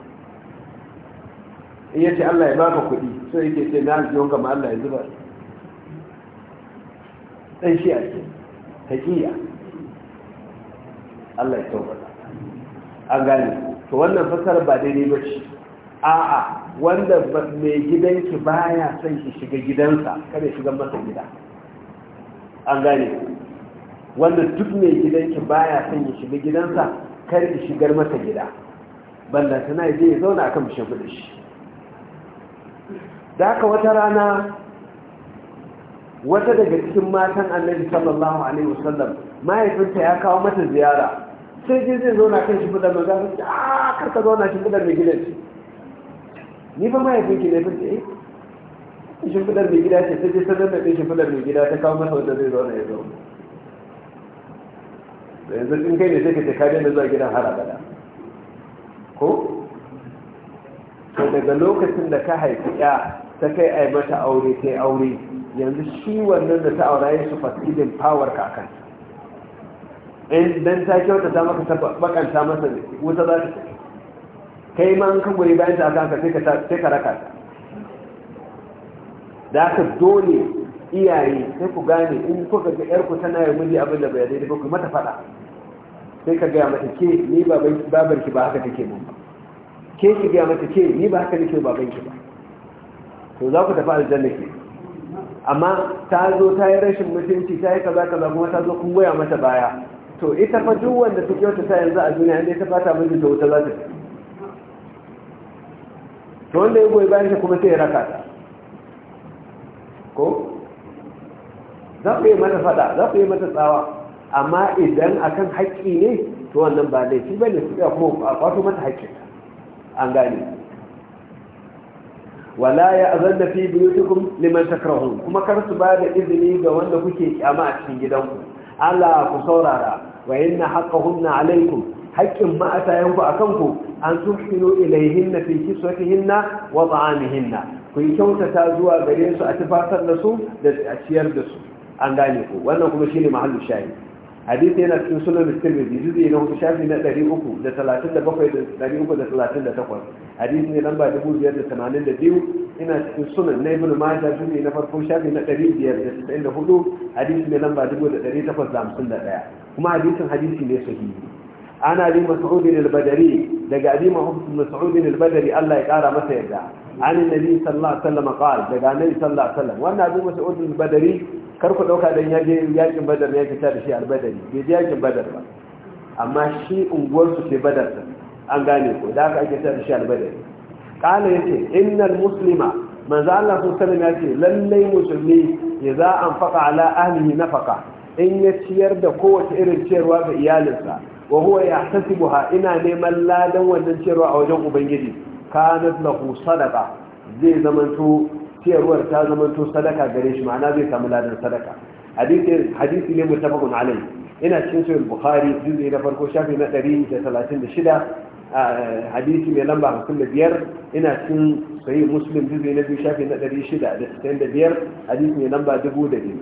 in yace Allah ya baka kuɗi sai yake ce na ji wanka ma Allah ya zuba sai shi a ce taƙiya Allah ya taubata an gane to wannan fasar ba daidai ba ce a'a wanda mai gidanki baya son ki shiga gidansa kada shiga masa gida an gane wanda duk mai gidanki baya son ya shiga gidansa kar ki shigar masa gida banda tana yi zai zauna akan bishin kudi shi da aka wata rana wata daga cikin matan annabi sallallahu alaihi wasallam mahaifinta ya kawo mata ziyara sai je zai zauna kan shi fudar maza sai a ah, karka zauna shi fudar mai gidan ce ni fa mahaifinki ne fice eh shi fudar mai gida ce sai je sanar da shi fudar mai gida ta kawo mata wanda zai zauna ya zauna da yanzu in kai ne sai ka ce ka daina zuwa gidan har abada ko to daga lokacin da ka haifi ya ta kai ai mata aure sai aure yanzu shi wannan da ta aura ya su fasidin power ka akan in dan ta kyauta ta maka ta bakanta masa wuta za ta kai ma an kan gure bayan ta sai ka sai ka raka ta da ka dole iyaye sai ku gane in ku ga yar ku tana yi miji abin da bai daidai ba ku mata fada sai ka gaya mata ke ni baban ki ba haka take mun ba ke ki gaya mata ke ni ba haka nake baban ki ba to za ku tafi aljanna ke amma ta zo ta yi rashin mutunci ta yi kaza kaza kuma ta zo kun goya mata baya to ita fa duk wanda ta kyauta ta yanzu a duniya inda ta fata miji ta wuta za ta to wanda ya goyi bayan ta kuma sai ya raka ta ko za ku yi mata fada za ku yi mata tsawa amma idan akan haƙƙi ne to wannan ba laifi ba ne su kuma a kwato mata haƙƙi an gane wala ya azanna fi buyutikum liman takrahu? kuma kar su ba da izini ga wanda kuke kyama a cikin gidanku allah ku saurara wa inna haqqahunna alaiku? haqqin ma yanku akan ku an tuhsinu ilayhinna fi kiswatihinna wa ta'amihinna ku yi kyautata zuwa gare su a tufatar da su da a ciyar da su an gane ku wannan kuma shine mahallu shayi hadisi yana cikin sunan tirmidhi juzuyi na hudu shafi na 337 da hadisi ne lamba 582 ina cikin sunan na ibn majah juzi na farko shafi na 594 hadisi ne lamba 1851 kuma hadisin hadisi ne sahihi ana bi mas'ud al-badri daga abi mas'ud al-badri Allah ya kara masa yadda an annabi sallallahu alaihi wasallam qal daga annabi sallallahu wannan abi mas'ud al-badri kar ku dauka dan yaje yakin badar ne ya ta da shi al badar, bai je yakin badar ba amma shi badar an gane ko da aka ake tare shi albadari kala ya ce innal muslima manzo Allah sun sallam ya ce lallai musulmi ya za an faka ala ahlihi nafaka in ya ciyar da kowace irin ciyarwa ga iyalinsa wa huwa yahtasibuha ina neman ladan wannan ciyarwa a wajen ubangiji kanat lahu sadaqa zai zamanto ciyarwar ta zamanto sadaka gare shi ma'ana zai samu ladan sadaka hadisi hadisi ne mutafaqun alai ina cikin sahih bukhari juz'i na farko shafi na 136 hadisi mai lamba hamsin biyar ina cin sayi muslim juzi na biyu shafi na ɗari shida da sittin da biyar hadisi mai lamba dubu da biyu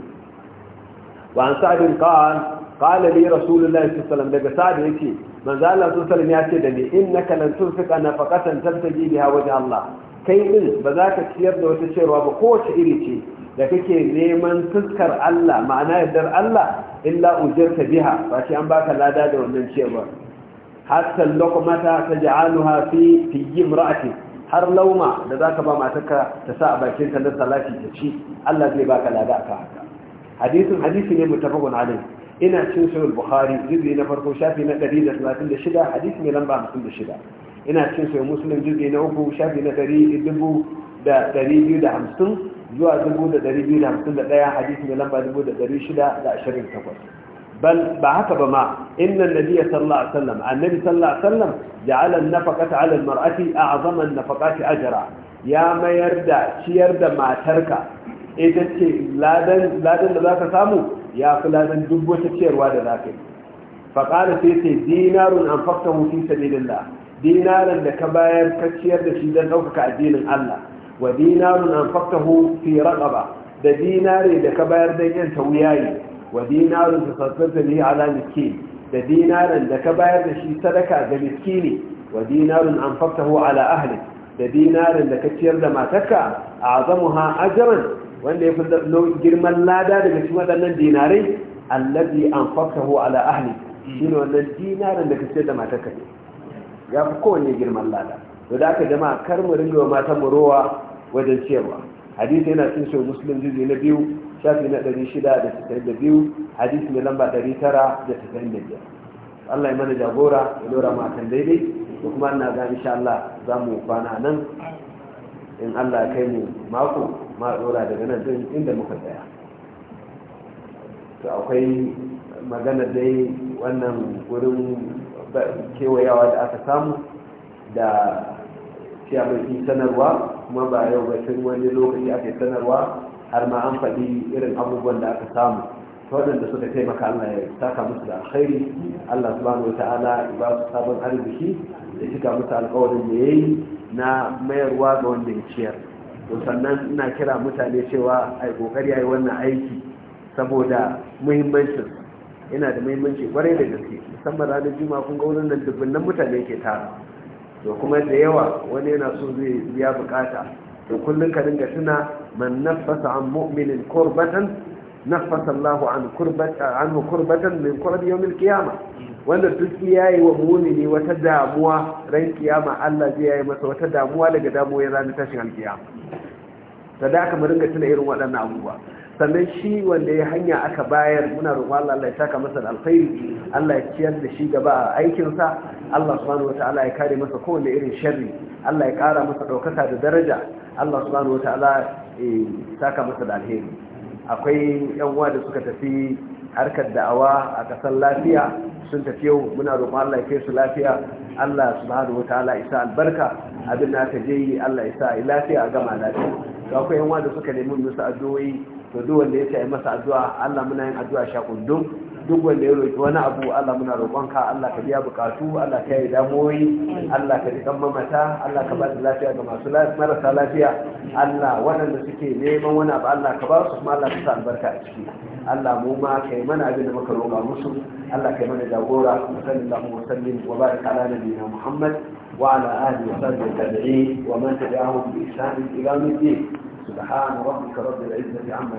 wa an sa'adin qal qala li rasulullahi sallallahu alaihi wasallam daga sa'ad yake manzo Allah sallallahu alaihi ya ce da ni innaka lan tunfiqa nafaqatan tabtaji hawa wajha Allah kai din ba za ka ciyar da wata cewa ba kowace iri ce da kake neman fuskar Allah ma'ana yardar Allah illa ujirta biha ba shi an baka lada da wannan ciyarwa hatta lokumata ta ja'aluha fi fi imra'ati har lauma da zaka ba matarka ta sa a bakin ta dan salati ta ci Allah zai baka lada aka haka hadisin hadisi ne mutafaqun alai ina cin sahih bukhari juzi na farko shafi na 136 hadisi ne lamba 56 ina cin sahih muslim juzi na uku shafi na 250 zuwa 251 hadisi ne lamba 628 bal ba haka ba ma innan nabiyya sallallahu alaihi wasallam annabi sallallahu alaihi wasallam ja'ala an-nafaqata 'ala al-mar'ati a'zama an-nafaqati ajra ya mayar da ciyar da matarka ita ce ladan ladan da zaka samu ya fi ladan duk wata ciyarwa da zaka yi faqala sai sai dinarun anfaqtahu fi sabilillah dinaran da ka bayar ka ciyar da shi don daukaka addinin Allah wa dinarun anfaqtahu fi raqaba da dinare da ka bayar dan yanta wuyayi wa dinarun ta sassanta ne ala miskin da dinarin da ka bayar da shi sadaka ga miskini wa dinarun an faktahu ala ahli da dinarin da ka ciyar da matarka a ha ajaran wanda ya fi girman lada daga cikin waɗannan dinarai allazi an faktahu ala ahli shi ne wannan dinarin da ka ciyar da matarka ne ya fi kowanne girman lada to da aka jama'a kar mu ringa wa matan mu rowa wajen ciyarwa hadisi yana cin shi muslim juzi na biyu shafi na biyu hadisi mai lamba 995 Allah ya mana jagora ya lura mu akan daidai da kuma ina ga insha Allah za mu kwana nan in Allah ya kai mu mako ma dora daga nan din inda muka tsaya to akwai magana dai wannan gurin kewayawa da aka samu da ciyamaki sanarwa kuma ba yau ba wani lokaci ake sanarwa har ma an faɗi irin abubuwan da aka samu waɗanda suka taimaka Allah ya saka musu da alkhairi Allah subhanahu wa ta'ala ya ba su sabon arziki da cika musu alƙawarin da yayi na mayarwa ga wanda ya ciyar to sannan ina kira mutane cewa ai kokari ai wannan aiki saboda muhimmancin yana da muhimmanci kwarai da gaske musamman ranar juma'a kun ga wurin nan nan mutane ke tara to kuma da yawa wani yana so zai biya bukata to kullum ka dinga tuna man nafasa an mu'minin kurbatan nafasa an kurbatan min kurbi yawmil qiyamah wanda duk yi wa mu'mini wata damuwa ran kiyama Allah zai yayi masa wata damuwa daga damuwar ranar tashin alkiyama sadaka mu dinga tuna irin waɗannan abubuwa sannan shi wanda ya hanya aka bayar muna roƙon Allah ya saka masa alkhairi Allah ya ciyar da shi gaba a aikinsa Allah subhanahu wataala ya kare masa kowane irin sharri Allah ya ƙara masa ɗaukaka da daraja Allah subhanahu wataala eh, saka masa da alheri akwai yan uwa da suka tafi harkar da'awa a kasar lafiya sun tafi yau muna roƙon Allah ya kai su lafiya Allah subhanahu wataala isa albarka abin da aka je yi Allah isa lafiya a gama lafiya to akwai yan uwa da suka nemi musu addu'o'i to duk wanda ya ce masa addu'a Allah muna yin addu'a sha kundum duk wanda ya roki wani abu Allah muna roƙonka Allah ka biya bukatu Allah ka yi damuwoyi Allah ka rikan mamata Allah ka ba lafiya ga masu marasa lafiya Allah waɗanda suke neman wani abu Allah ka ba su kuma Allah ka sa albarka a ciki Allah mu ma kai mana abin da muka roƙa musu Allah kai mana jagora sallallahu wa sallim wa kala ala nabiyina Muhammad wa ala alihi wa sahbihi tabi'in wa man tabi'ahum bi ihsan ila yawm الدين سبحان ربك رب العزة عما